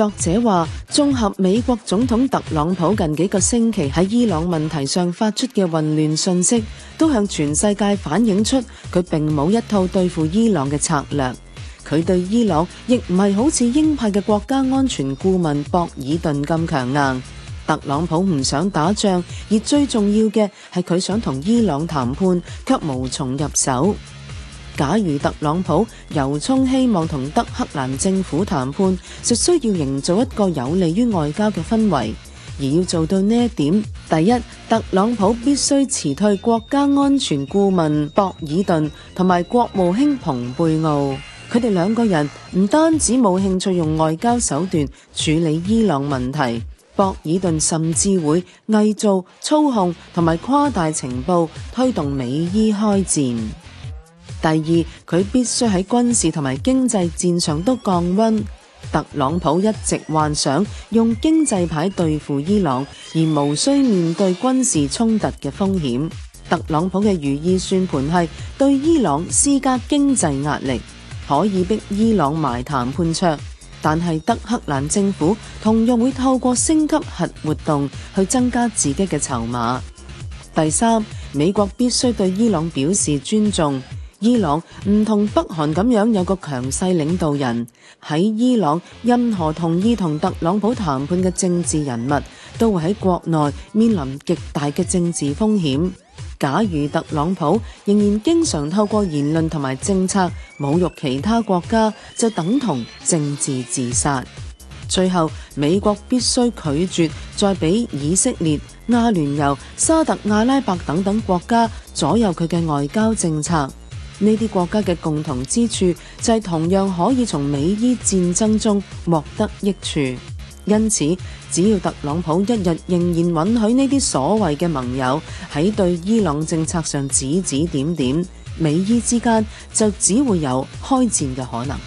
作者話，綜合美國總統特朗普近幾個星期喺伊朗問題上發出嘅混亂信息，都向全世界反映出佢並冇一套對付伊朗嘅策略。佢對伊朗亦唔係好似鷹派嘅國家安全顧問博爾頓咁強硬。特朗普唔想打仗，而最重要嘅係佢想同伊朗談判，卻無從入手。假如特朗普由衷希望同德黑蘭政府談判，就需要營造一個有利於外交嘅氛圍。而要做到呢一點，第一，特朗普必須辭退國家安全顧問博爾頓同埋國務卿蓬佩奧。佢哋兩個人唔單止冇興趣用外交手段處理伊朗問題，博爾頓甚至會偽造、操控同埋誇大情報，推動美伊開戰。第二，佢必須喺軍事同埋經濟戰場都降溫。特朗普一直幻想用經濟牌對付伊朗，而無需面對軍事衝突嘅風險。特朗普嘅如意算盤係對伊朗施加經濟壓力，可以逼伊朗埋談判桌。但係德克蘭政府同樣會透過升級核活動去增加自己嘅籌碼。第三，美國必須對伊朗表示尊重。伊朗唔同北韓咁樣有個強勢領導人。喺伊朗，任何同意同特朗普談判嘅政治人物都會喺國內面臨極大嘅政治風險。假如特朗普仍然經常透過言論同埋政策侮辱其他國家，就等同政治自殺。最後，美國必須拒絕再俾以色列、阿聯酋、沙特阿拉伯等等國家左右佢嘅外交政策。呢啲國家嘅共同之處就係同樣可以從美伊戰爭中獲得益處，因此只要特朗普一日仍然允許呢啲所謂嘅盟友喺對伊朗政策上指指點點，美伊之間就只會有開戰嘅可能。